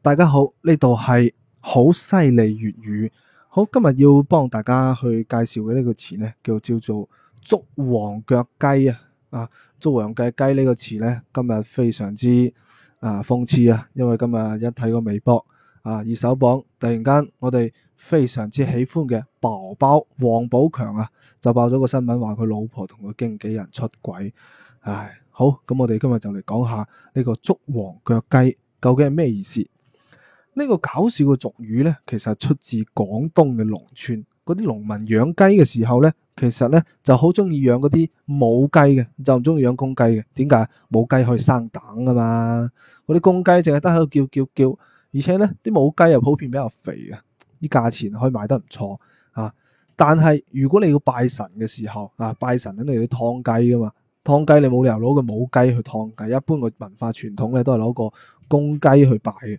大家好，呢度係猴塞雷粵語。好，今日要幫大家去介紹嘅呢個詞呢，叫叫做捉黃腳雞啊！啊，捉黃腳雞呢個詞呢，今日非常之啊諷刺啊，因為今日一睇個微博啊，熱搜榜突然間我哋非常之喜歡嘅包包王寶強啊，就爆咗個新聞話佢老婆同個經紀人出軌。唉，好，咁我哋今日就嚟講下呢個捉黃腳雞究竟係咩意思？呢個搞笑嘅俗語呢，其實係出自廣東嘅農村嗰啲農民養雞嘅時候呢，其實呢就好中意養嗰啲母雞嘅，就唔中意養公雞嘅。點解啊？母雞可以生蛋噶嘛，嗰啲公雞淨係得喺度叫叫叫。而且呢啲母雞又普遍比較肥嘅，啲價錢可以賣得唔錯啊。但係如果你要拜神嘅時候啊，拜神肯定要燙雞噶嘛，燙雞你冇理由攞個母雞去燙雞，一般嘅文化傳統呢，都係攞個公雞去拜嘅。.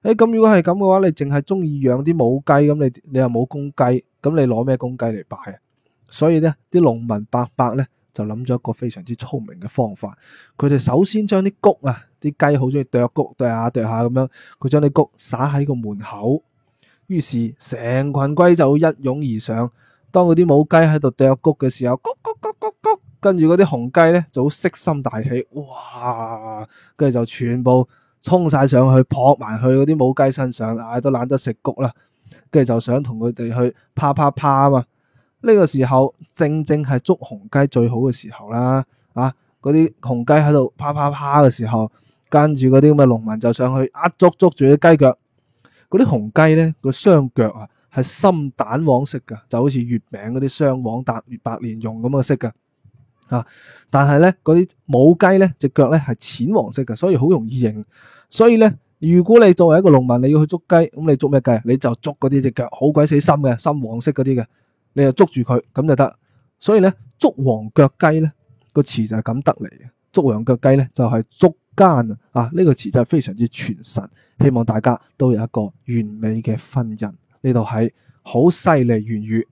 誒，咁、哎、如果係咁嘅話，你淨係中意養啲母雞，咁你你又冇公雞，咁你攞咩公雞嚟拜啊？所以呢啲農民伯伯呢，就諗咗一個非常之聰明嘅方法，佢哋首先將啲穀啊，啲雞好中意啄穀啄下啄下咁樣，佢將啲穀撒喺個門口，於是成群雞就一湧而上。當嗰啲母雞喺度啄穀嘅時候，穀穀穀穀穀，跟住嗰啲雄雞呢，就好色心大起，哇！跟住就全部。衝晒上去撲埋去嗰啲母雞身上，唉都懶得食谷啦，跟住就想同佢哋去啪啪啪啊嘛！呢個時候正正係捉紅雞最好嘅時候啦，啊嗰啲紅雞喺度啪啪啪嘅時候，跟住嗰啲咁嘅農民就上去一捉捉住啲雞腳，嗰啲紅雞咧個雙腳啊係深蛋黃色嘅，就好似月餅嗰啲雙黃蛋，月白蓮蓉咁嘅色嘅。啊！但係咧，嗰啲母雞咧隻腳咧係淺黃色嘅，所以好容易認。所以咧，如果你作為一個農民，你要去捉雞，咁你捉咩雞？你就捉嗰啲隻腳好鬼死深嘅，深黃色嗰啲嘅，你就捉住佢咁就得。所以咧，捉黃腳雞咧個詞就係咁得嚟嘅。捉黃腳雞咧就係、是、捉奸啊！呢、呢個詞就係非常之傳神。希望大家都有一個完美嘅婚姻。呢度係好犀利粵語。